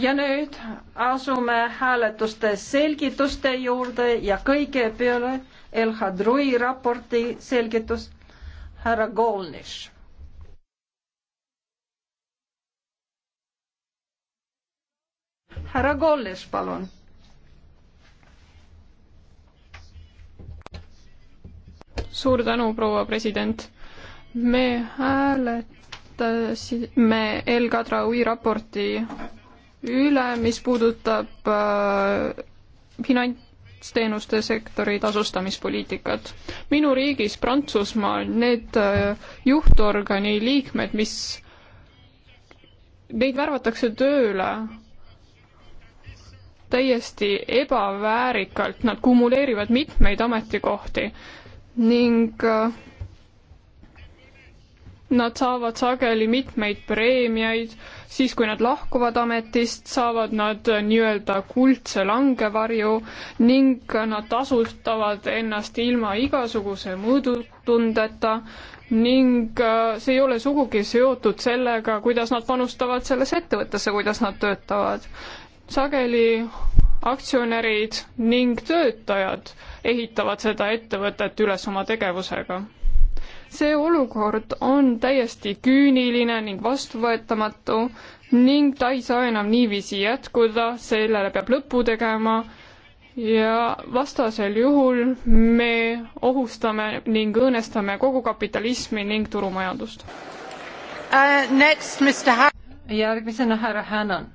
ja nüüd asume hääletuste selgituste juurde ja kõigepeale El Hadrui raporti selgitus härra Golnish. härra Golnish, palun. suur tänu, proua president. me hääletame vaatasime El Kadraoui raporti üle, mis puudutab äh, finantsteenuste sektori tasustamispoliitikat. minu riigis, Prantsusmaal, need äh, juhtorgani liikmed, mis, neid värvatakse tööle täiesti ebaväärikalt, nad kumuleerivad mitmeid ametikohti ning äh, Nad saavad sageli mitmeid preemiaid, siis kui nad lahkuvad ametist, saavad nad nii-öelda kuldse langevarju ning nad tasustavad ennast ilma igasuguse mõõdutundeta ning äh, see ei ole sugugi seotud sellega, kuidas nad panustavad sellesse ettevõttesse, kuidas nad töötavad. sageli aktsionärid ning töötajad ehitavad seda ettevõtet üles oma tegevusega see olukord on täiesti küüniline ning vastuvõetamatu ning ta ei saa enam niiviisi jätkuda, sellele peab lõpu tegema ja vastasel juhul me ohustame ning õõnestame kogu kapitalismi ning turumajandust uh,. Next, Mr Har-. järgmisena härra Hannon.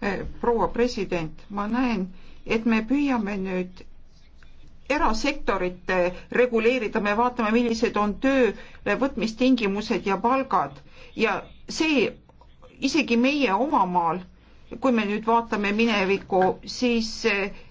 Eh, proua president, ma näen, et me püüame nüüd erasektorit reguleerida, me vaatame, millised on töölevõtmistingimused ja palgad ja see isegi meie oma maal, kui me nüüd vaatame minevikku, siis eh,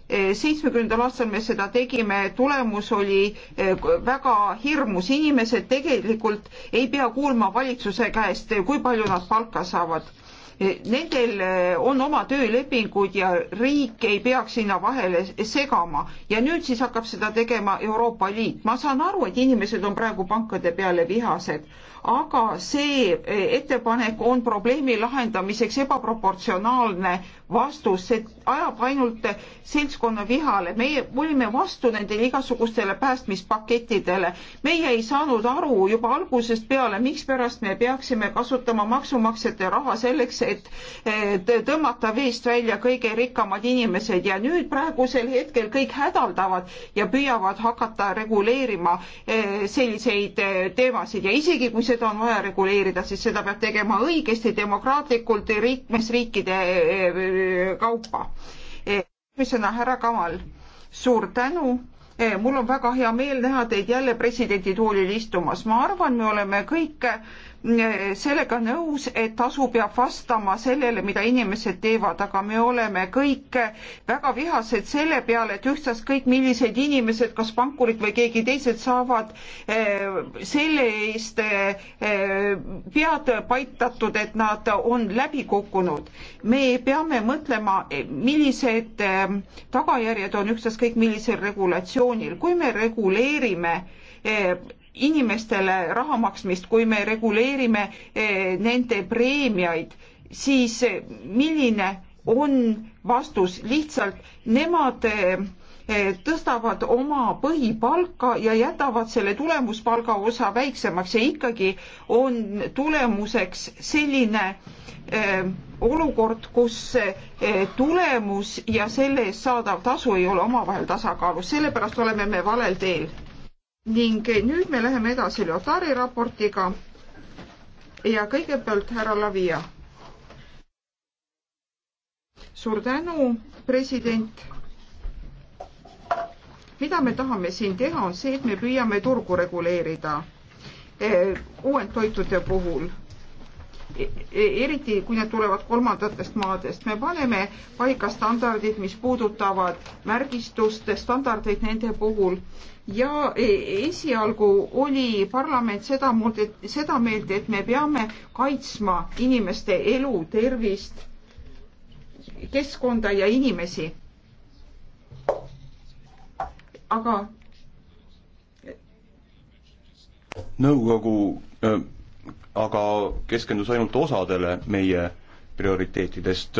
seitsmekümnendal aastal me seda tegime, tulemus oli eh, väga hirmus, inimesed tegelikult ei pea kuulma valitsuse käest, kui palju nad palka saavad nendel eh, on oma töölepingud ja riik ei peaks sinna vahele segama ja nüüd siis hakkab seda tegema Euroopa Liit. ma saan aru, et inimesed on praegu pankade peale vihased, aga see eh, ettepanek on probleemi lahendamiseks ebaproportsionaalne vastus, see ajab ainult seltskonna vihale. meie olime vastu nendele igasugustele päästmispakettidele. meie ei saanud aru juba algusest peale, mikspärast me peaksime kasutama maksumaksjate raha selleks, et tõmmata veest välja kõige rikkamad inimesed ja nüüd praegusel hetkel kõik hädaldavad ja püüavad hakata reguleerima eh, selliseid eh, teemasid ja isegi kui seda on vaja reguleerida, siis seda peab tegema õigesti, demokraatlikult liikmesriikide eh, kaupa. esimesena härra Kamal, suur tänu mul on väga hea meel näha teid jälle presidendi toolil istumas, ma arvan, me oleme kõik sellega nõus, et tasu peab vastama sellele, mida inimesed teevad, aga me oleme kõik väga vihased selle peale, et ükstaskõik millised inimesed, kas pankurid või keegi teised, saavad eh, selle eest eh, pead paitatud, et nad on läbi kukkunud. me peame mõtlema, millised eh, tagajärjed on ükstaskõik millisel regulatsioonil, kui me reguleerime inimestele raha maksmist, kui me reguleerime eh, nende preemiaid, siis eh, milline on vastus lihtsalt nemad eh, tõstavad oma põhipalka ja jätavad selle tulemuspalga osa väiksemaks ja ikkagi on tulemuseks selline olukord, kus tulemus ja selle eest saadav tasu ei ole omavahel tasakaalus, sellepärast oleme me valel teel ning nüüd me läheme edasi Lyotari raportiga ja kõigepealt härra Lavia. suur tänu, president. mida me tahame siin teha, on see, et me püüame turgu reguleerida eh, uuendtoitude puhul E, e, eriti kui need tulevad kolmandatest maadest. me paneme paika standardid, mis puudutavad märgistust, standardeid nende puhul ja e, esialgu oli parlament seda, seda meelt, et me peame kaitsma inimeste elu, tervist, keskkonda ja inimesi. aga nõukogu äh aga keskendus ainult osadele meie prioriteetidest,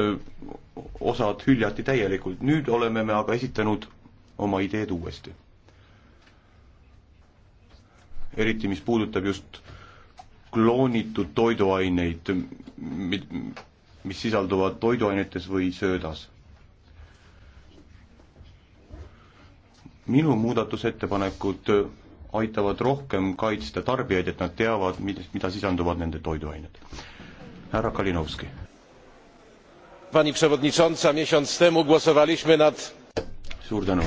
osad hüljati täielikult, nüüd oleme me aga esitanud oma ideed uuesti. eriti, mis puudutab just kloonitud toiduaineid, mis sisalduvad toiduainetes või söödas. minu muudatusettepanekud aitavad rohkem kaitsta tarbijaid, et nad teavad, mida, mida sisalduvad nende toiduained. härra Kalinowski. Pani przewodnicząca, miesiąc temu głosowaliśmy nad suur tänu.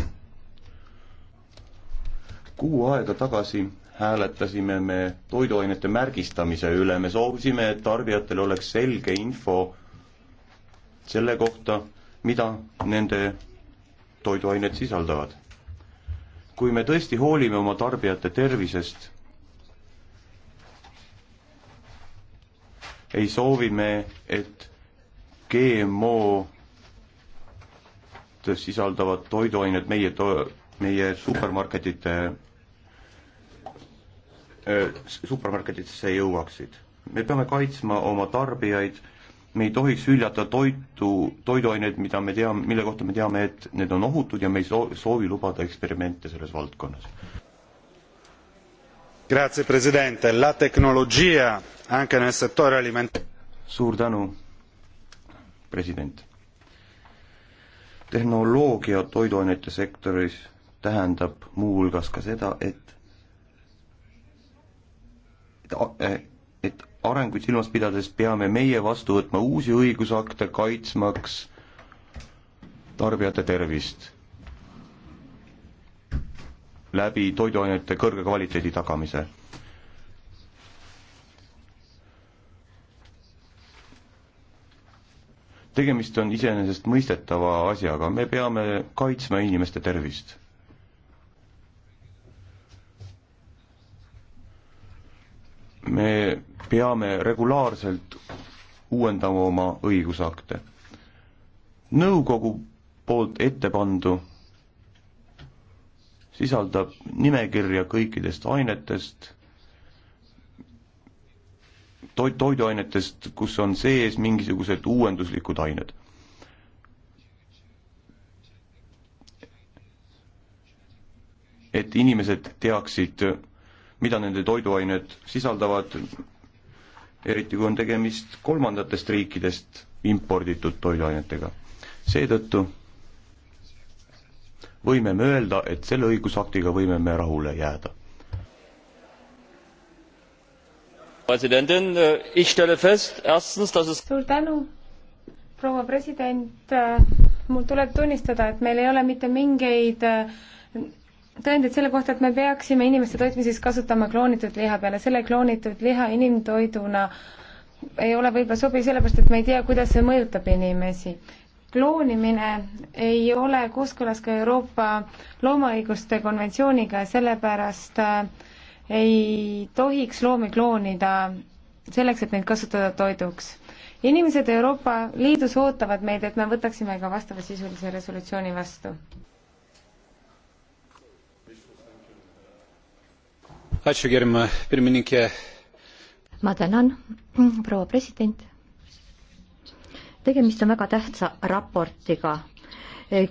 kuu aega tagasi hääletasime me toiduainete märgistamise üle, me soovisime, et tarbijatel oleks selge info selle kohta, mida nende toiduained sisaldavad kui me tõesti hoolime oma tarbijate tervisest, ei soovi me, et GMO sisaldavad toiduained meie to-, meie supermarketite, äh, supermarketitesse jõuaksid. me peame kaitsma oma tarbijaid me ei tohiks hüljata toitu, toiduaineid, mida me teame, mille kohta me teame, et need on ohutud ja me ei soo-, soovi lubada eksperimente selles valdkonnas. Grazie Presidente, la tecnologia anche nel settore aliment-. suur tänu, president. tehnoloogia toiduainete sektoris tähendab muuhulgas ka seda, et et, eh, et arenguid silmas pidades peame meie vastu võtma uusi õigusakte, kaitsmaks tarbijate tervist läbi toiduainete kõrge kvaliteedi tagamise. tegemist on iseenesestmõistetava asjaga, me peame kaitsma inimeste tervist me peame regulaarselt uuendama oma õigusakte. nõukogu poolt ette pandu sisaldab nimekirja kõikidest ainetest, toit, toiduainetest, kus on sees mingisugused uuenduslikud ained. et inimesed teaksid mida nende toiduained sisaldavad, eriti kui on tegemist kolmandatest riikidest imporditud toiduainetega. seetõttu võime me öelda, et selle õigusaktiga võime me rahule jääda. suur tänu, proua president, mul tuleb tunnistada, et meil ei ole mitte mingeid tõendeid selle kohta, et me peaksime inimeste toitmises kasutama kloonitud liha peale, selle kloonitud liha inimtoiduna ei ole võib-olla sobiv, sellepärast et me ei tea, kuidas see mõjutab inimesi. kloonimine ei ole kooskõlas ka Euroopa loomaõiguste konventsiooniga ja sellepärast äh, ei tohiks loomi kloonida selleks, et neid kasutada toiduks. inimesed Euroopa Liidus ootavad meid, et me võtaksime ka vastavasisulise resolutsiooni vastu. ma tänan, proua president. tegemist on väga tähtsa raportiga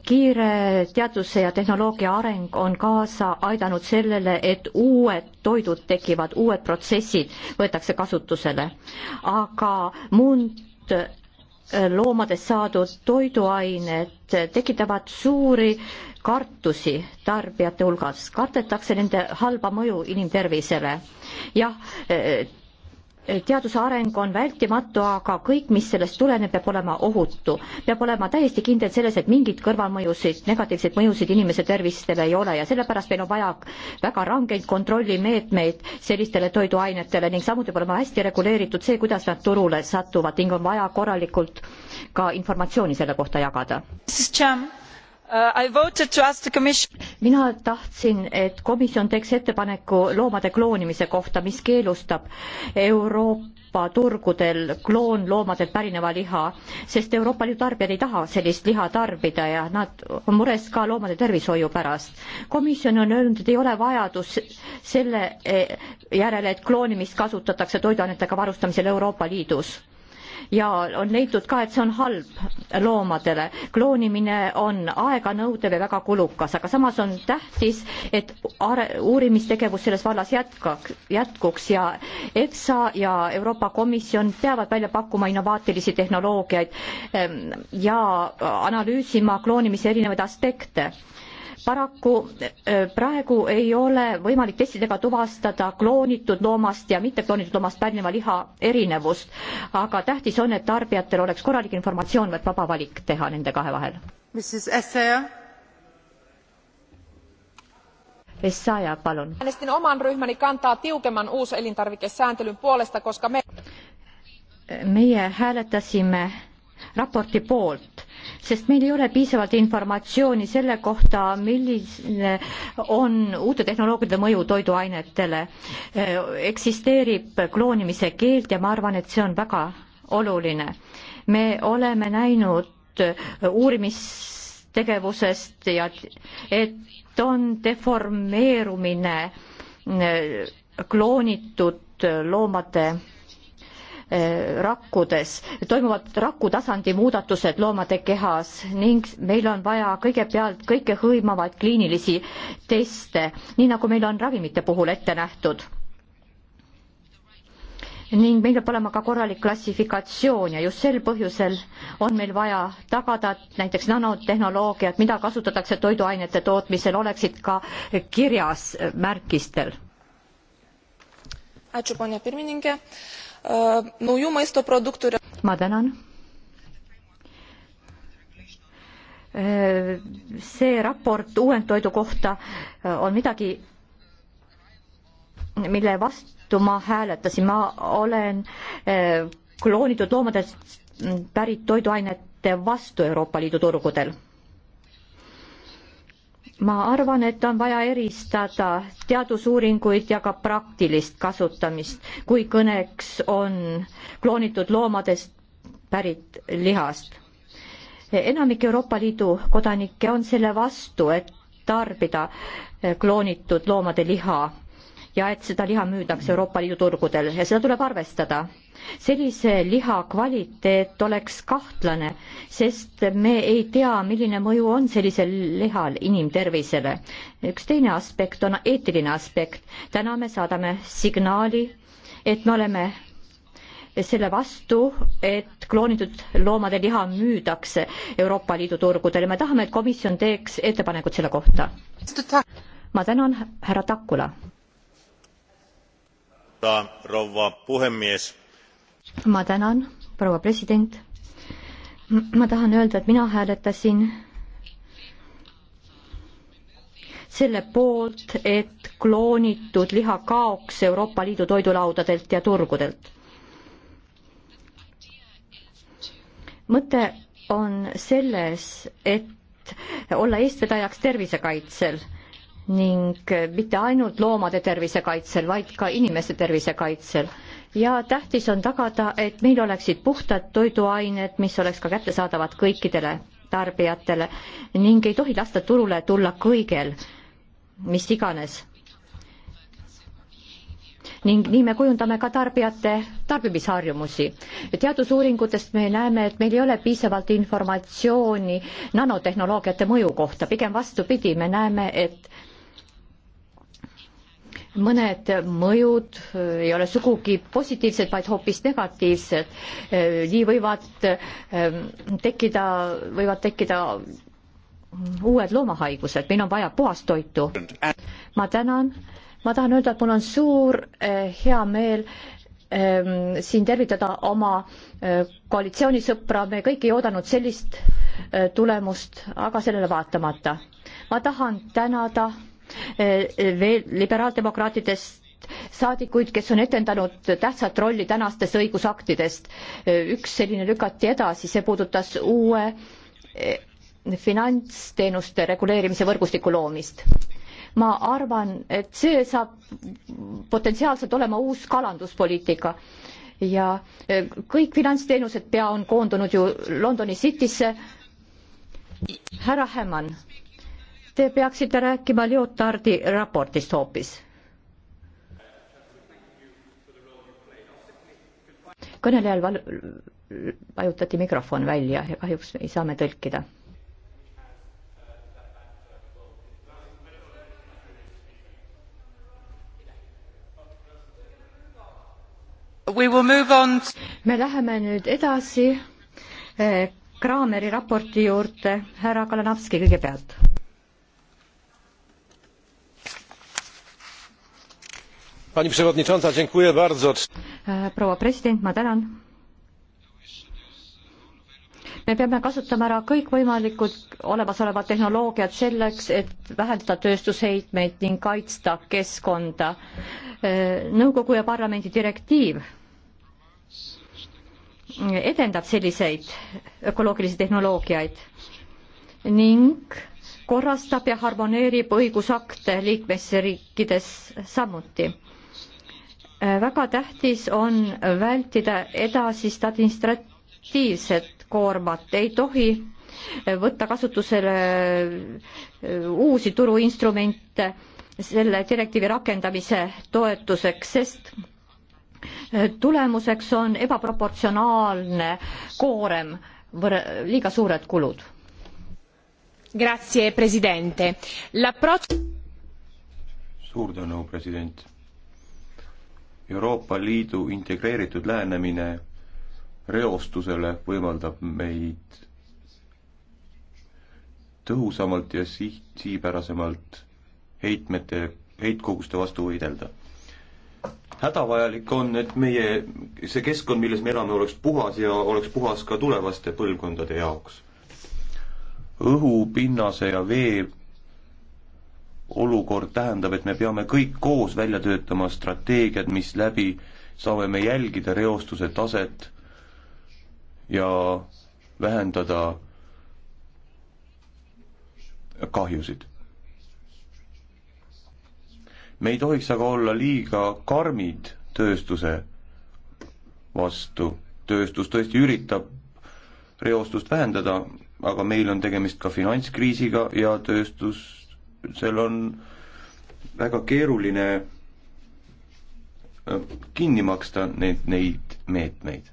kiire teaduse ja tehnoloogia areng on kaasa aidanud sellele, et uued toidud tekivad, uued protsessid võetakse kasutusele, aga muund Äh, loomadest saadud toiduained tekitavad suuri kartusi tarbijate hulgas, kardetakse nende halba mõju inimtervisele. jah, äh, Eh, teaduse areng on vältimatu, aga kõik, mis sellest tuleneb, peab olema ohutu. peab olema täiesti kindel selles, et mingeid kõrvalmõjusid, negatiivseid mõjusid inimese tervistele ei ole ja sellepärast meil on vaja väga rangeid kontrollimeetmeid sellistele toiduainetele ning samuti peab olema hästi reguleeritud see, kuidas nad turule satuvad ning on vaja korralikult ka informatsiooni selle kohta jagada. Uh, mina tahtsin, et komisjon teeks ettepaneku loomade kloonimise kohta, mis keelustab Euroopa turgudel kloonloomadelt pärineva liha, sest Euroopa Liidu tarbijad ei taha sellist liha tarbida ja nad on mures ka loomade tervishoiu pärast. komisjon on öelnud, et ei ole vajadus selle eh, järele, et kloonimist kasutatakse toiduainetega varustamisel Euroopa Liidus ja on leitud ka, et see on halb loomadele. kloonimine on aeganõudev ja väga kulukas, aga samas on tähtis, et are-, uurimistegevus selles vallas jätkaks, jätkuks ja EFSA ja Euroopa Komisjon peavad välja pakkuma innovaatilisi tehnoloogiaid ehm, ja analüüsima kloonimise erinevaid aspekte paraku äh, praegu ei ole võimalik testidega tuvastada kloonitud loomast ja mittekloonitud loomast pärineva liha erinevust, aga tähtis on, et tarbijatel oleks korralik informatsioon, et vaba valik teha nende kahe vahel. Essaja, palun. Äänestin oman ryhmäni kantaa tiukemman uuselintarvikesääntelyn puolesta, koska me meie hääletasime raporti poolt sest meil ei ole piisavalt informatsiooni selle kohta, milline on uute tehnoloogiate mõju toiduainetele. eksisteerib kloonimise keeld ja ma arvan, et see on väga oluline. me oleme näinud uurimistegevusest ja et on deformeerumine kloonitud loomade Eh, rakkudes, toimuvad rakutasandi muudatused loomade kehas ning meil on vaja kõigepealt kõikehõimavaid kliinilisi teste, nii nagu meil on ravimite puhul ette nähtud ning meil peab olema ka korralik klassifikatsioon ja just sel põhjusel on meil vaja tagada, et näiteks nanotehnoloogiad, mida kasutatakse toiduainete tootmisel, oleksid ka kirjas märgistel naujumas to produktu. ma tänan. see raport uuendtoidu kohta on midagi, mille vastu ma hääletasin, ma olen kloonitud loomadest pärit toiduainete vastu Euroopa Liidu turgudel ma arvan, et on vaja eristada teadusuuringuid ja ka praktilist kasutamist, kui kõneks on kloonitud loomadest pärit lihast. enamik Euroopa Liidu kodanikke on selle vastu, et tarbida eh, kloonitud loomade liha ja et seda liha müüdakse Euroopa Liidu turgudel ja seda tuleb arvestada sellise liha kvaliteet oleks kahtlane, sest me ei tea, milline mõju on sellisel lihal inimtervisele. üks teine aspekt on eetiline aspekt. täna me saadame signaali, et me oleme selle vastu, et kloonitud loomade liha müüdakse Euroopa Liidu turgudele. me tahame, et komisjon teeks ettepanekud selle kohta. ma tänan, härra Takula. rouva puhemies ma tänan, proua president. ma tahan öelda, et mina hääletasin selle poolt, et kloonitud liha kaoks Euroopa Liidu toidulaudadelt ja turgudelt. mõte on selles, et olla eestvedajaks tervisekaitsel ning mitte ainult loomade tervise kaitsel, vaid ka inimeste tervise kaitsel ja tähtis on tagada, et meil oleksid puhtad toiduained, mis oleks ka kättesaadavad kõikidele tarbijatele ning ei tohi lasta turule tulla kõigel, mis iganes. ning nii me kujundame ka tarbijate tarbimisharjumusi. teadusuuringutest me näeme, et meil ei ole piisavalt informatsiooni nanotehnoloogiate mõju kohta, pigem vastupidi, me näeme, et mõned mõjud äh, ei ole sugugi positiivsed, vaid hoopis negatiivsed. Äh, nii võivad ähm, tekkida, võivad tekkida uued loomahaigused, meil on vaja puhast toitu. ma tänan, ma tahan öelda, et mul on suur äh, hea meel ähm, siin tervitada oma koalitsioonisõpra, me kõik ei oodanud sellist tulemust, aga sellele vaatamata. ma tahan tänada Eh, eh, veel liberaaldemokraatidest saadikuid, kes on etendanud tähtsat rolli tänastest õigusaktidest. Eh, üks selline lükati edasi, see puudutas uue finantsteenuste reguleerimise võrgustiku loomist. ma arvan, et see saab potentsiaalselt olema uus kalanduspoliitika ja kõik finantsteenused pea on koondunud ju Londoni Citysse. härra Hämmann Te peaksite rääkima Leotardi raportist hoopis. kõnelejal val-, vajutati mikrofon välja ja kahjuks ei saa me tõlkida. me läheme nüüd edasi eh, Kraameri raporti juurde, härra Kalanavski kõigepealt proua president, ma tänan. me peame kasutama ära kõikvõimalikud olemasolevad tehnoloogiad selleks, et vähendada tööstusheitmeid ning kaitsta keskkonda. nõukogu ja parlamendi direktiiv edendab selliseid ökoloogilisi tehnoloogiaid ning korrastab ja harmoneerib õigusakte liikmesriikides samuti Äh, väga tähtis on vältida edasist administratiivset koormat, ei tohi äh, võtta kasutusele äh, uusi turuinstrumente selle direktiivi rakendamise toetuseks, sest tulemuseks on ebaproportsionaalne koorem, liiga suured kulud. suur tänu, president Euroopa Liidu integreeritud lähenemine reostusele võimaldab meid tõhusamalt ja siht, siipärasemalt heitmete, heitkoguste vastu võidelda. hädavajalik on, et meie, see keskkond, milles me elame, oleks puhas ja oleks puhas ka tulevaste põlvkondade jaoks. õhu, pinnase ja vee olukord tähendab, et me peame kõik koos välja töötama strateegiad, mis läbi saame me jälgida reostuse taset ja vähendada kahjusid. me ei tohiks aga olla liiga karmid tööstuse vastu. tööstus tõesti üritab reostust vähendada, aga meil on tegemist ka finantskriisiga ja tööstus seal on väga keeruline äh, kinni maksta neid, neid meetmeid.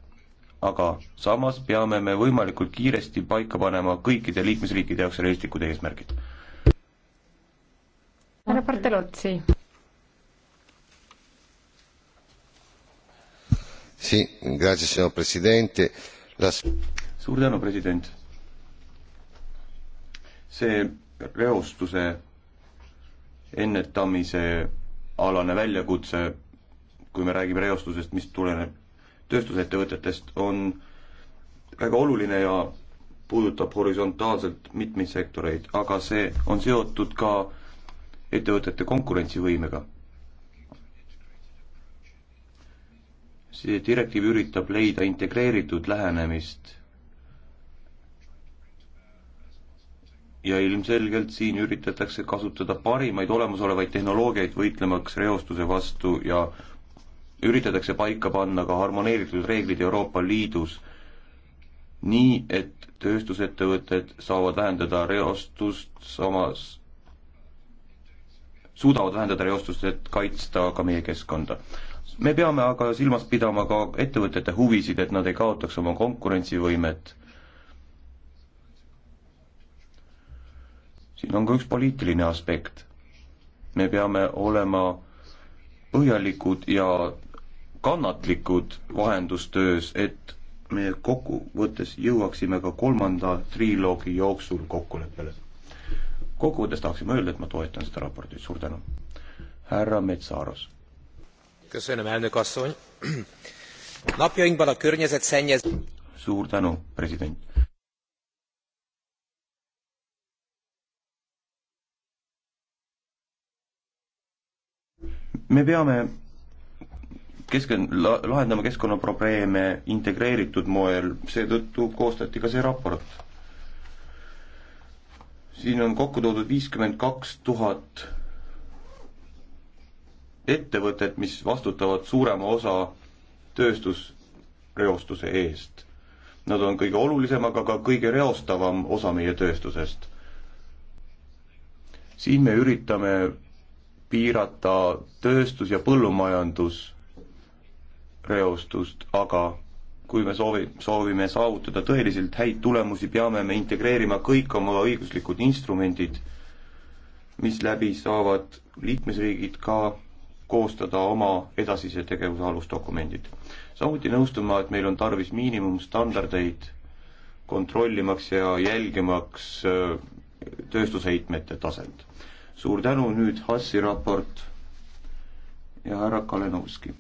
aga samas peame me võimalikult kiiresti paika panema kõikide liikmesriikide jaoks realistlikud eesmärgid. härra Bartelotsi. Sì, grazie signor Presidente. La... Suur tänu, president. see reostuse ennetamise alane väljakutse, kui me räägime reostusest, mis tuleneb tööstusettevõtetest, on väga oluline ja puudutab horisontaalselt mitmeid sektoreid, aga see on seotud ka ettevõtete konkurentsivõimega. see direktiiv üritab leida integreeritud lähenemist ja ilmselgelt siin üritatakse kasutada parimaid olemasolevaid tehnoloogiaid võitlemaks reostuse vastu ja üritatakse paika panna ka harmoneeritud reeglid Euroopa Liidus, nii et tööstusettevõtted saavad vähendada reostust, samas suudavad vähendada reostust, et kaitsta ka meie keskkonda. me peame aga silmas pidama ka ettevõtete huvisid, et nad ei kaotaks oma konkurentsivõimet siin on ka üks poliitiline aspekt. me peame olema põhjalikud ja kannatlikud vahendustöös, et me kokkuvõttes jõuaksime ka kolmanda triloogi jooksul kokkuleppele. kokkuvõttes tahaksime öelda, et ma toetan seda raportit, suur tänu. härra Metsaaros. suur tänu, president me peame kesken-, la-, lahendama keskkonnaprobleeme integreeritud moel, seetõttu koostati ka see raport. siin on kokku toodud viiskümmend kaks tuhat ettevõtet, mis vastutavad suurema osa tööstusreostuse eest. Nad on kõige olulisem, aga ka kõige reostavam osa meie tööstusest. siin me üritame piirata tööstus- ja põllumajandusreostust, aga kui me soovi, soovime saavutada tõeliselt häid tulemusi, peame me integreerima kõik oma õiguslikud instrumendid, mis läbi saavad liikmesriigid ka koostada oma edasise tegevuse alusdokumendid. samuti nõustuma, et meil on tarvis miinimumstandardeid kontrollimaks ja jälgimaks äh, tööstusheitmete taset suur tänu, nüüd Hassi raport ja härra Kalenovski.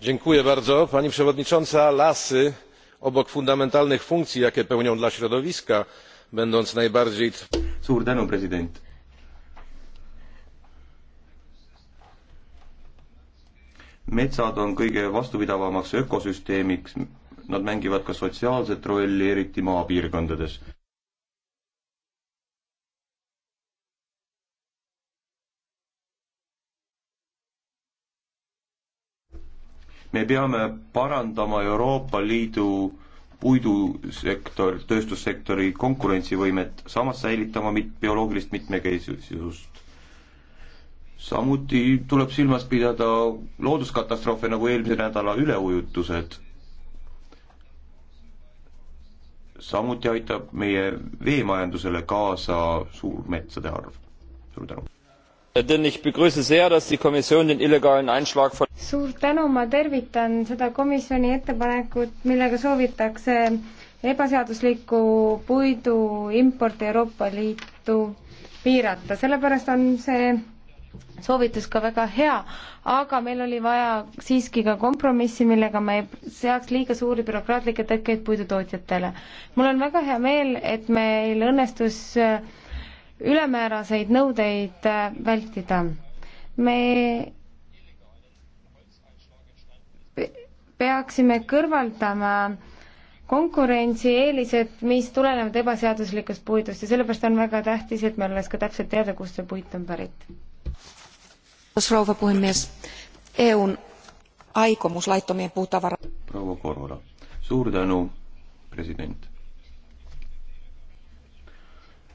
Dziękuję bardzo. Pani Przewodnicząca, lasy obok fundamentalnych funkcji, jakie pełnią dla środowiska, będąc najbardziej... Suur tänu, president. metsad on kõige vastupidavamaks ökosüsteemiks, nad mängivad ka sotsiaalset rolli, eriti maapiirkondades me peame parandama Euroopa Liidu puidusektor, tööstussektori konkurentsivõimet, samas säilitama mit-, bioloogilist mitmekesisust. samuti tuleb silmas pidada looduskatastroofe, nagu eelmise nädala üleujutused. samuti aitab meie veemajandusele kaasa suurmetsade arv. suur tänu! denn ich begrüße sehr, dass die Kommission den illegalen Einschlag von suur tänu, ma tervitan seda komisjoni ettepanekut, millega soovitakse ebaseadusliku puidu importi Euroopa Liitu piirata, sellepärast on see soovitus ka väga hea, aga meil oli vaja siiski ka kompromissi, millega me ei seaks liiga suuri bürokraatlikke tõkkeid puidutootjatele. mul on väga hea meel, et meil õnnestus äh, ülemääraseid nõudeid äh, vältida. me peaksime kõrvaldama konkurentsieelised, mis tulenevad ebaseaduslikust puidust ja sellepärast on väga tähtis, et meil oleks ka täpselt teada, kust see puit on pärit. rouva puhemees, EUn aikomus laittomien puutavara-. proua Korhola, suur tänu, president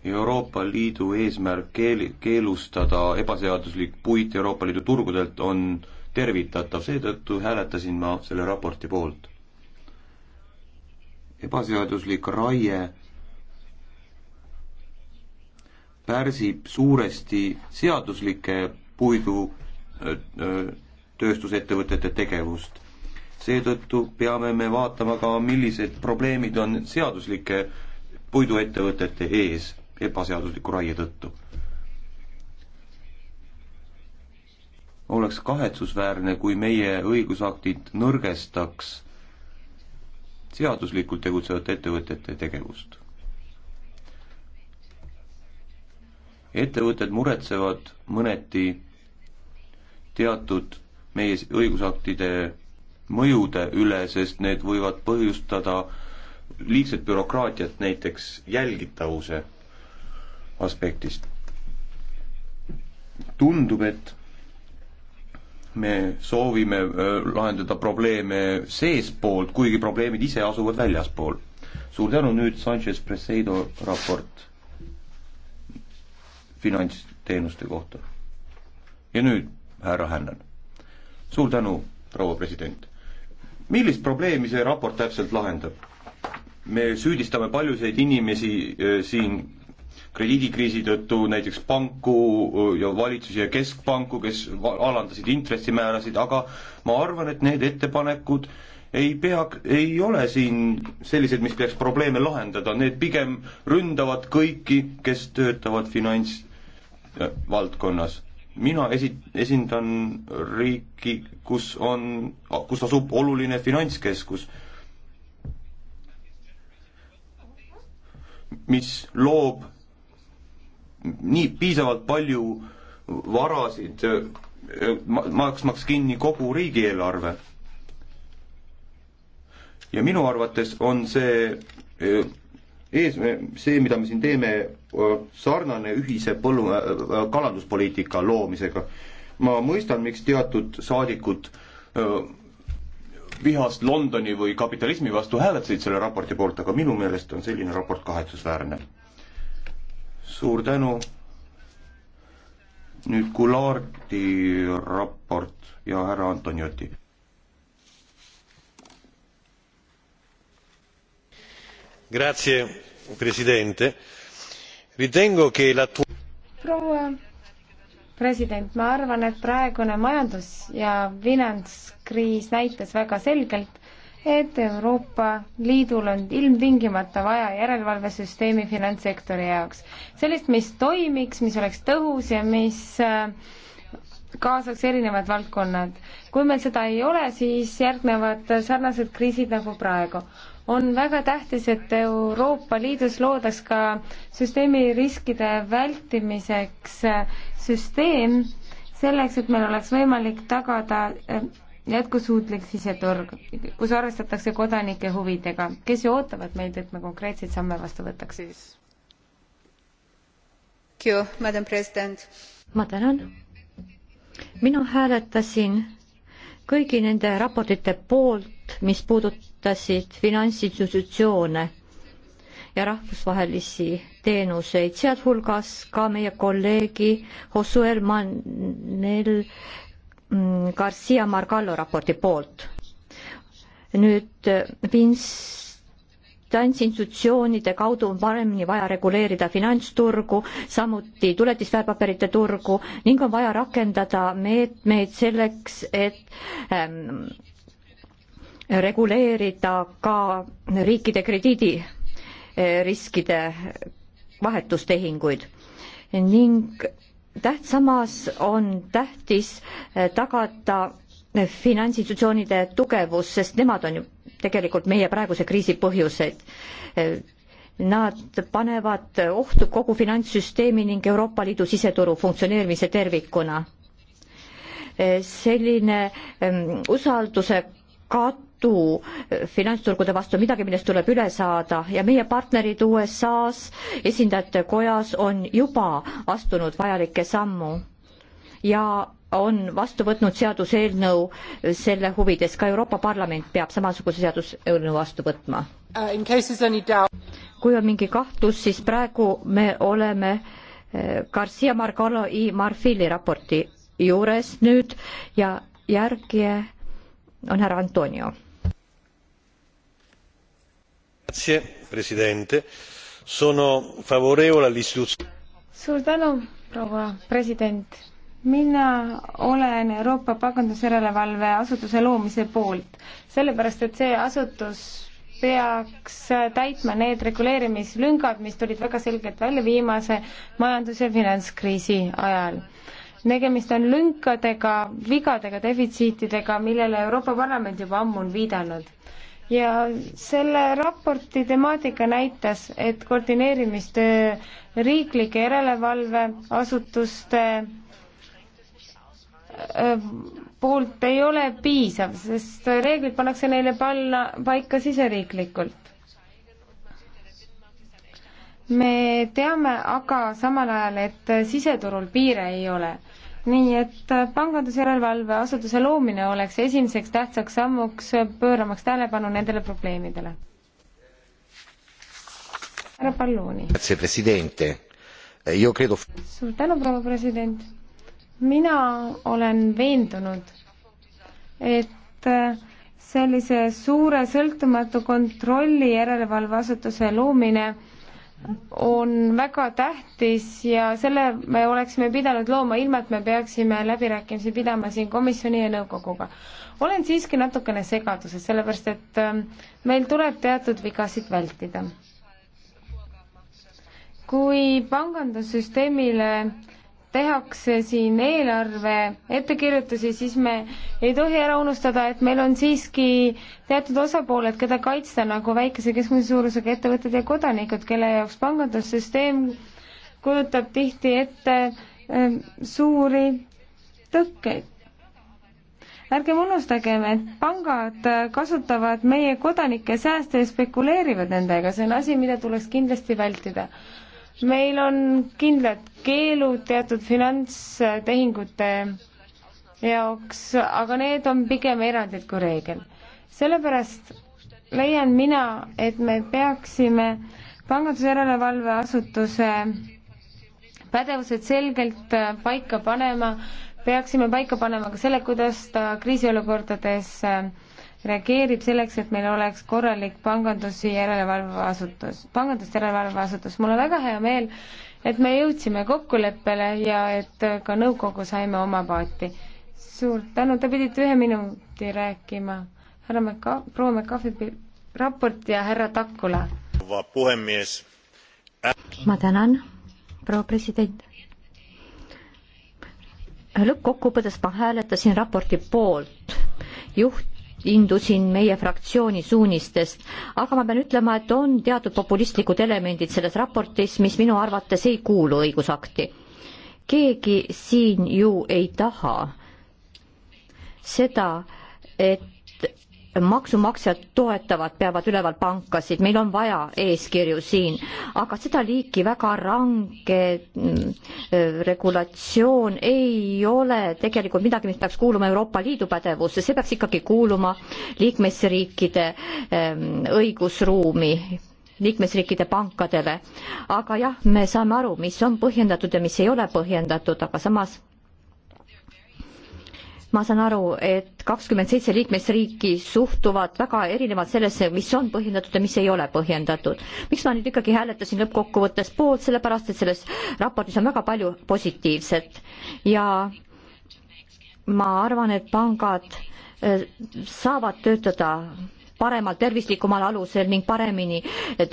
Euroopa Liidu eesmärk keel-, keelustada ebaseaduslik puit Euroopa Liidu turgudelt on tervitatav, seetõttu hääletasin ma selle raporti poolt. ebaseaduslik raie pärsib suuresti seaduslike puidutööstusettevõtete tegevust. seetõttu peame me vaatama ka, millised probleemid on seaduslike puiduettevõtete ees ebaseadusliku raie tõttu. oleks kahetsusväärne, kui meie õigusaktid nõrgestaks seaduslikult tegutsevate ettevõtete tegevust. ettevõtted muretsevad mõneti teatud meie õigusaktide mõjude üle, sest need võivad põhjustada liigset bürokraatiat, näiteks jälgitavuse aspektist. tundub, et me soovime äh, lahendada probleeme seespoolt, kuigi probleemid ise asuvad väljaspool. suur tänu, nüüd Sanchez Presedo raport finantsteenuste kohta. ja nüüd härra Hännan. suur tänu, proua president. millist probleemi see raport täpselt lahendab? me süüdistame paljusid inimesi äh, siin krediidikriisi tõttu näiteks panku ja valitsusi ja keskpanku, kes alandasid intressimäärasid, aga ma arvan, et need ettepanekud ei pea, ei ole siin sellised, mis peaks probleeme lahendada, need pigem ründavad kõiki, kes töötavad finantsvaldkonnas mina esi-, esindan riiki, kus on, kus asub oluline finantskeskus, mis loob nii piisavalt palju varasid maksmaks kinni kogu riigieelarve. ja minu arvates on see ees, see, mida me siin teeme, sarnane ühise põllu-, kalanduspoliitika loomisega. ma mõistan, miks teatud saadikud vihast Londoni või kapitalismi vastu hääletasid selle raporti poolt, aga minu meelest on selline raport kahetsusväärne suur tänu. nüüd Gulaarti raport ja härra Antonioti. Grazie, president. Ritengo che la proua president, ma arvan, et praegune majandus- ja finantskriis näitas väga selgelt, et Euroopa Liidul on ilmtingimata vaja järelevalvesüsteemi finantssektori jaoks. sellist, mis toimiks, mis oleks tõhus ja mis äh, kaasaks erinevad valdkonnad. kui meil seda ei ole, siis järgnevad sarnased kriisid nagu praegu. on väga tähtis, et Euroopa Liidus loodaks ka süsteemi riskide vältimiseks äh, süsteem, selleks, et meil oleks võimalik tagada äh, jätkusuutlik siseturg, kus arvestatakse kodanike huvidega, kes ju ootavad meilt, et me konkreetseid samme vastu võtaks. ma tänan. mina hääletasin kõigi nende raportite poolt, mis puudutasid finantsinstitutsioone ja rahvusvahelisi teenuseid, sealhulgas ka meie kolleegi Josuel Manel Mm, Garcia Margallo raporti poolt. nüüd eh, finantsinstitutsioonide kaudu on paremini vaja reguleerida finantsturgu, samuti tuletisväärtpaberite turgu ning on vaja rakendada meetmeid selleks, et ähm, reguleerida ka riikide krediidiriskide eh, vahetustehinguid ning täht-, samas on tähtis eh, tagada eh, finantsinstitutsioonide tugevus, sest nemad on ju tegelikult meie praeguse kriisi põhjused. Eh, nad panevad ohtu kogu finantssüsteemi ning Euroopa Liidu siseturu funktsioneerimise tervikuna. selline usalduse kat-, tatu eh, finantsturgude vastu, midagi, millest tuleb üle saada ja meie partnerid USA-s, esindajate kojas on juba astunud vajalikke sammu ja on vastu võtnud seaduseelnõu selle huvides, ka Euroopa Parlament peab samasuguse seaduseelnõu vastu võtma. Uh, kui on mingi kahtlus, siis praegu me oleme eh, Garcia Margolo i Marfili raporti juures nüüd ja järgi on härra Antonio signor presidente sono favorevole all'istituzione. suur tänu proua president mina olen euroopa pangandusjärelevalve asutuse loomise poolt sellepärast et see asutus peaks täitma need reguleerimislüngad mis tulid väga selgelt välja viimase majandus ja finantskriisi ajal tegemist on lünkadega vigadega defitsiitidega millele euroopa parlament juba ammu on viidanud ja selle raporti temaatika näitas, et koordineerimistöö riiklike järelevalveasutuste äh, poolt ei ole piisav, sest reeglid pannakse neile panna paika siseriiklikult. me teame aga samal ajal, et siseturul piire ei ole nii et äh, pangandusjärelevalve asutuse loomine oleks esimeseks tähtsaks sammuks äh, pööramaks tähelepanu nendele probleemidele. härra Palloni. Eh, suur tänu, proua president. mina olen veendunud, et äh, sellise suure sõltumatu kontrolli järelevalveasutuse loomine on väga tähtis ja selle me oleksime pidanud looma ilma, et me peaksime läbirääkimisi pidama siin komisjoni ja nõukoguga. olen siiski natukene segaduses, sellepärast et ähm, meil tuleb teatud vigasid vältida. kui pangandussüsteemile tehakse siin eelarve ettekirjutusi, siis me ei tohi ära unustada, et meil on siiski teatud osapooled, keda kaitsta, nagu väikese keskmise suurusega ettevõtted ja kodanikud, kelle jaoks pangandussüsteem kujutab tihti ette äh, suuri tõkkeid. ärgem unustagem, et pangad äh, kasutavad meie kodanike sääste ja spekuleerivad nendega, see on asi, mida tuleks kindlasti vältida meil on kindlad keelud teatud finantstehingute jaoks, aga need on pigem erandid kui reegel. sellepärast leian mina, et me peaksime pangandusjärelevalveasutuse pädevused selgelt paika panema, peaksime paika panema ka selle, kuidas ta kriisiolukordades äh, reageerib selleks, et meil oleks korralik pangandusi järelevalveasutus, pangandust järelevalveasutus. mul on väga hea meel, et me jõudsime kokkuleppele ja et ka nõukogu saime oma paati. suur tänu, te pidite ühe minuti rääkima. härra Meka-, proua Mekafi raport ja härra Takula. puhemees. ma tänan, proua president lõppkokkuvõttes ma hääletasin raporti poolt. juht indusin meie fraktsiooni suunistest, aga ma pean ütlema, et on teatud populistlikud elemendid selles raportis, mis minu arvates ei kuulu õigusakti. keegi siin ju ei taha seda, et maksumaksjad toetavad, peavad üleval pankasid, meil on vaja eeskirju siin, aga seda liiki väga range mm, regulatsioon ei ole tegelikult midagi, mis peaks kuuluma Euroopa Liidu pädevusse, see peaks ikkagi kuuluma liikmesriikide õigusruumi liikmesriikide pankadele. aga jah, me saame aru, mis on põhjendatud ja mis ei ole põhjendatud, aga samas ma saan aru, et kakskümmend seitse liikmesriiki suhtuvad väga erinevalt sellesse, mis on põhjendatud ja mis ei ole põhjendatud. miks ma nüüd ikkagi hääletasin lõppkokkuvõttes poolt, sellepärast et selles raportis on väga palju positiivset ja ma arvan, et pangad äh, saavad töötada paremal, tervislikumal alusel ning paremini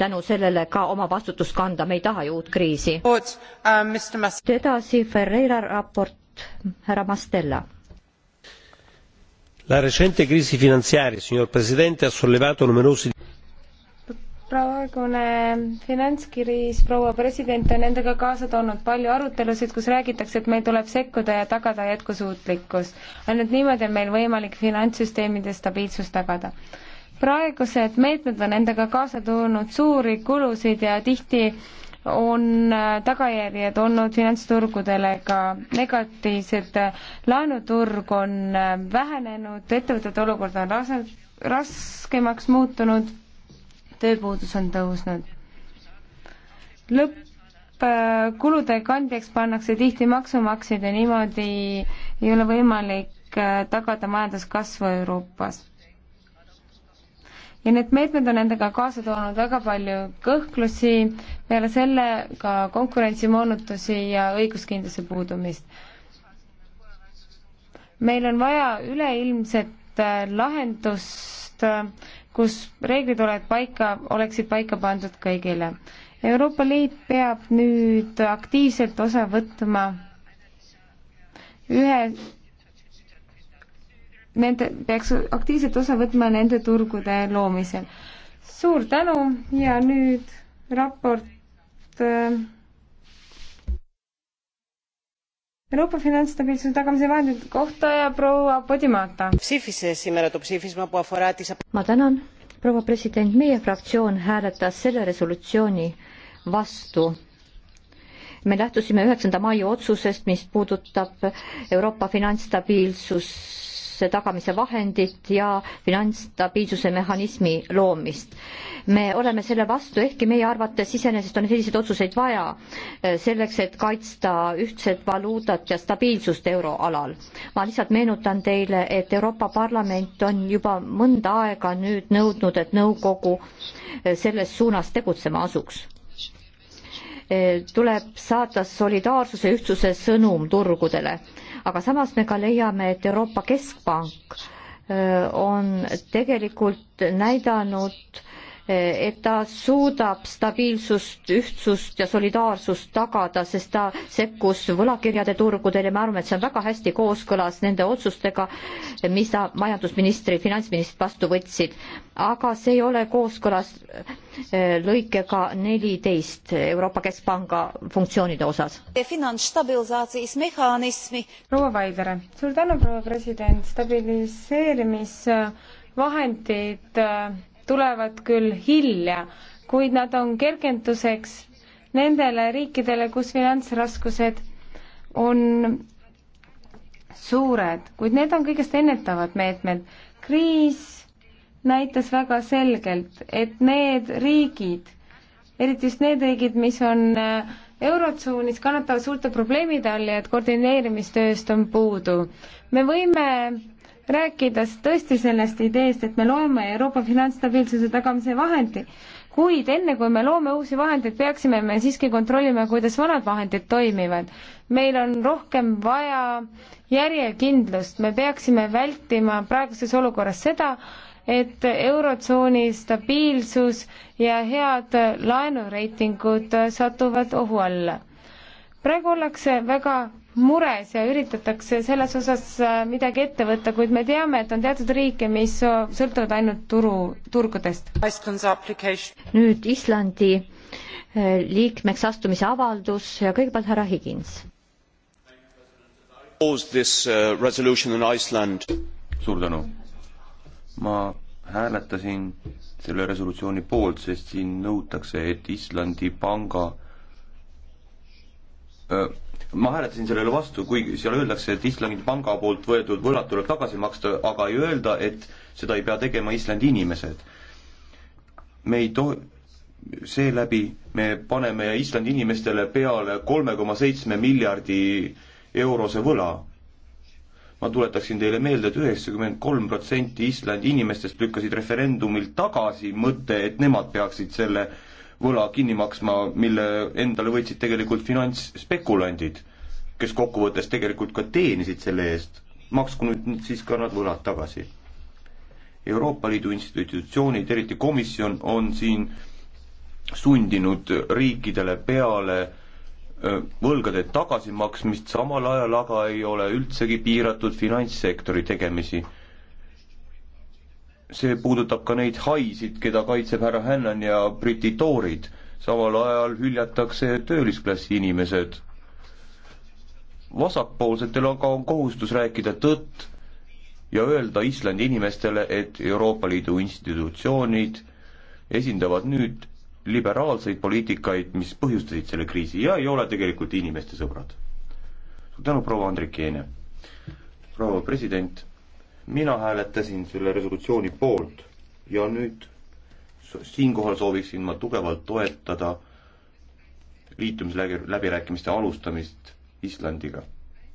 tänu sellele ka oma vastutust kanda, me ei taha ju uut kriisi. Äh, edasi Ferreira raport, härra Mastella La recente crisi finanziaria, signor Presidente, ha sollevato numerosi praegune finantskriis, proua president, on endaga kaasa toonud palju arutelusid, kus räägitakse, et meil tuleb sekkuda ja tagada jätkusuutlikkus. ainult niimoodi on meil võimalik finantssüsteemide stabiilsus tagada. praegused meetmed on endaga kaasa toonud suuri kulusid ja tihti on äh, tagajärjed olnud finantsturgudele ka negatiivsed. laenuturg on äh, vähenenud, ettevõtete olukord on ras-, raskemaks muutunud, tööpuudus on tõusnud. lõppkulude äh, kandjaks pannakse tihti maksumaksjad ja niimoodi ei ole võimalik tagada majanduskasvu Euroopas ja need meetmed on endaga kaasa toonud väga palju kõhklusi, peale selle ka konkurentsimoonutusi ja õiguskindluse puudumist. meil on vaja üleilmset äh, lahendust, äh, kus reeglid oled paika, oleksid paika pandud kõigile. Euroopa Liit peab nüüd aktiivselt osa võtma ühe nende, peaks aktiivselt osa võtma nende turgude loomisel. suur tänu ja nüüd raport äh, Euroopa finantsstabiilsuse tagamise vahendite kohta ja proua Podimata. ma tänan, proua president, meie fraktsioon hääletas selle resolutsiooni vastu me lähtusime üheksanda mai otsusest, mis puudutab Euroopa finantsstabiilsus stabiilsuse tagamise vahendit ja finantsstabiilsuse mehhanismi loomist. me oleme selle vastu, ehkki meie arvates iseenesest on selliseid otsuseid vaja eh, selleks, et kaitsta ühtset valuutat ja stabiilsust euroalal. ma lihtsalt meenutan teile, et Euroopa Parlament on juba mõnda aega nüüd nõudnud, et nõukogu eh, selles suunas tegutsema asuks eh, tuleb saata solidaarsuse ühtsuse sõnum turgudele aga samas me ka leiame, et Euroopa Keskpank äh, on tegelikult näidanud et ta suudab stabiilsust, ühtsust ja solidaarsust tagada, sest ta sekkus võlakirjade turgudel ja me arvame, et see on väga hästi kooskõlas nende otsustega, mis ta majandusministrid, finantsministrid vastu võtsid. aga see ei ole kooskõlas äh, lõikega neliteist Euroopa Keskpanga funktsioonide osas. proua Vaidere, suur tänu, proua president, stabiliseerimisvahendid äh, tulevad küll hilja, kuid nad on kergenduseks nendele riikidele, kus finantsraskused on suured, kuid need on kõigest ennetavad meetmed. kriis näitas väga selgelt, et need riigid, eriti just need riigid, mis on äh, Eurotsoonis, kannatavad suurte probleemide all ja et koordineerimistööst on puudu. me võime rääkides tõesti sellest ideest, et me loome Euroopa finantsstabiilsuse tagamise vahendi, kuid enne, kui me loome uusi vahendeid, peaksime me siiski kontrollima, kuidas vanad vahendid toimivad. meil on rohkem vaja järjekindlust, me peaksime vältima praeguses olukorras seda, et Eurotsooni stabiilsus ja head laenureitingud satuvad ohu alla. praegu ollakse väga mures ja üritatakse selles osas äh, midagi ette võtta, kuid me teame, et on teatud riike, mis sõltuvad ainult turu, turgudest. nüüd Islandi äh, liikmeks astumise avaldus ja kõigepealt härra Higins. Äh, suur tänu. ma hääletasin selle resolutsiooni poolt, sest siin nõutakse, et Islandi panga öö, ma hääletasin sellele vastu, kuigi seal öeldakse, et Islandi panga poolt võetud võlad tuleb tagasi maksta, aga ei öelda, et seda ei pea tegema Islandi inimesed. me ei to-, seeläbi me paneme Islandi inimestele peale kolme koma seitsme miljardi eurose võla. ma tuletaksin teile meelde et, et üheksakümmend kolm protsenti Islandi inimestest lükkasid referendumilt tagasi mõtte, et nemad peaksid selle äh, võla kinni maksma, mille endale võtsid tegelikult finantsspekulandid, kes kokkuvõttes tegelikult ka teenisid selle eest, maksku nüüd siis ka nad võlad tagasi. Euroopa Liidu institutsioonid, eriti komisjon, on siin sundinud riikidele peale võlgade tagasimaksmist, samal ajal aga ei ole üldsegi piiratud finantssektori tegemisi see puudutab ka neid haisid, keda kaitseb härra Hännan ja Briti toorid. samal ajal hüljatakse töölisklassi inimesed. vasakpoolsetel aga on kohustus rääkida tõtt ja öelda Islandi inimestele, et Euroopa Liidu institutsioonid esindavad nüüd liberaalseid poliitikaid, mis põhjustasid selle kriisi ja ei ole tegelikult inimeste sõbrad. suur tänu, proua Andrik Jeene. proua president mina hääletasin selle resolutsiooni poolt ja nüüd siinkohal sooviksin ma tugevalt toetada liitumisläbirääkimiste alustamist Islandiga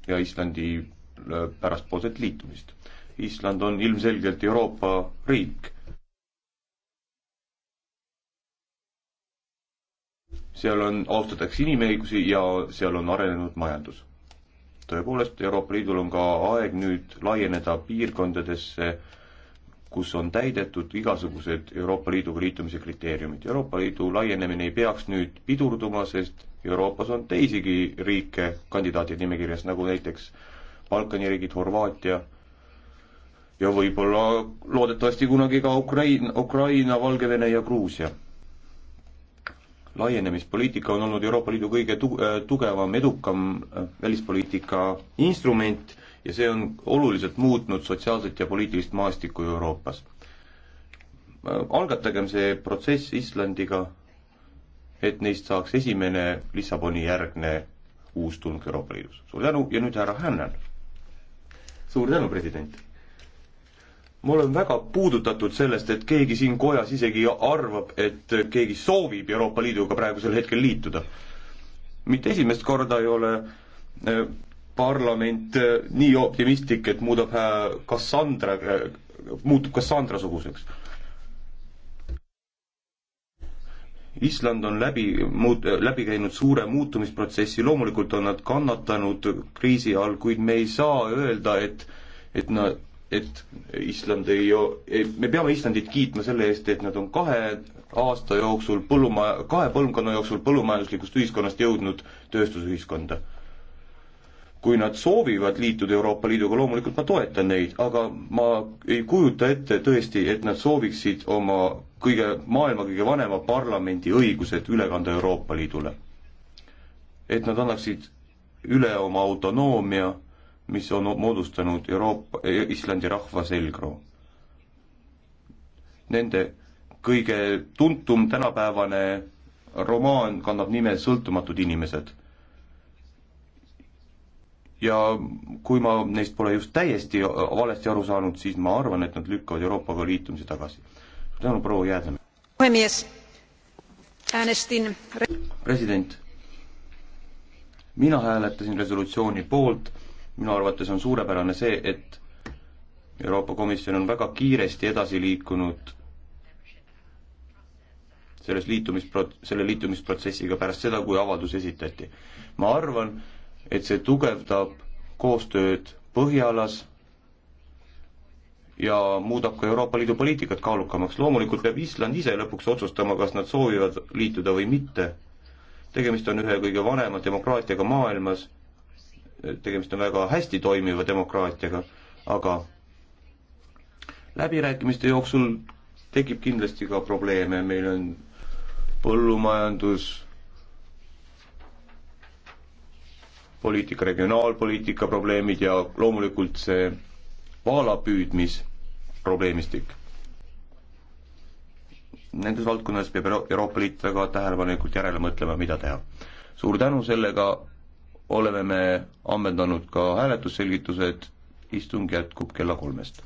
ja Islandi äh, pärastpoolset liitumist. Island on ilmselgelt Euroopa riik. seal on, austatakse inimõigusi ja seal on arenenud majandus tõepoolest, Euroopa Liidul on ka aeg nüüd laieneda piirkondadesse, kus on täidetud igasugused Euroopa Liiduga liitumise kriteeriumid. Euroopa Liidu laienemine ei peaks nüüd pidurduma, sest Euroopas on teisigi riike kandidaatide nimekirjas, nagu näiteks Balkani riigid, Horvaatia ja võib-olla loodetavasti kunagi ka Ukraina, Ukraina, Valgevene ja Gruusia laienemispoliitika on olnud Euroopa Liidu kõige tu-, äh, tugevam, edukam äh, välispoliitika instrument ja see on oluliselt muutnud sotsiaalset ja poliitilist maastikku Euroopas. Äh, algatagem see protsess Islandiga, et neist saaks esimene Lissaboni järgne uus tulnuk Euroopa Liidus. suur tänu ja nüüd härra Hännel. suur tänu, president! ma olen väga puudutatud sellest, et keegi siin kojas isegi arvab, et keegi soovib Euroopa Liiduga praegusel hetkel liituda. mitte esimest korda ei ole äh, parlament äh, nii optimistlik, et muudab Kassandra, äh, muutub Kassandra-suguseks. Island on läbi muut-, läbi käinud suure muutumisprotsessi, loomulikult on nad kannatanud kriisi all, kuid me ei saa öelda, et et nad et Island ei, ei, me peame Islandit kiitma selle eest, et nad on kahe aasta jooksul põllumaja, kahe põlvkonna jooksul põllumajanduslikust ühiskonnast jõudnud tööstusühiskonda. kui nad soovivad liituda Euroopa Liiduga, loomulikult ma toetan neid, aga ma ei kujuta ette tõesti, et nad sooviksid oma kõige, maailma kõige vanema parlamendi õigused üle kanda Euroopa Liidule. et nad annaksid üle oma autonoomia mis on moodustanud Euroopa, Islandi rahva selgroo. Nende kõige tuntum tänapäevane romaan kannab nime Sõltumatud inimesed. ja kui ma neist pole just täiesti valesti aru saanud, siis ma arvan, et nad lükkavad Euroopaga liitumise tagasi. suur tänu, proua Jäädemäe. puhemees, äänestin president, mina hääletasin resolutsiooni poolt minu arvates on suurepärane see, et Euroopa Komisjon on väga kiiresti edasi liikunud selles liitumispro-, selle liitumisprotsessiga pärast seda, kui avaldus esitati. ma arvan, et see tugevdab koostööd Põhjalas ja muudab ka Euroopa Liidu poliitikat kaalukamaks. loomulikult peab Island ise lõpuks otsustama, kas nad soovivad liituda või mitte. tegemist on ühe kõige vanema demokraatiaga maailmas tegemist on väga hästi toimiva demokraatiaga, aga läbirääkimiste jooksul tekib kindlasti ka probleeme, meil on põllumajandus, poliitika, regionaalpoliitika probleemid ja loomulikult see vaalapüüdmisprobleemistik. Nendes valdkondades peab Euroopa Liit väga tähelepanelikult järele mõtlema, mida teha. suur tänu, sellega oleme me ammendanud ka hääletusselgitused, istung jätkub kella kolmest.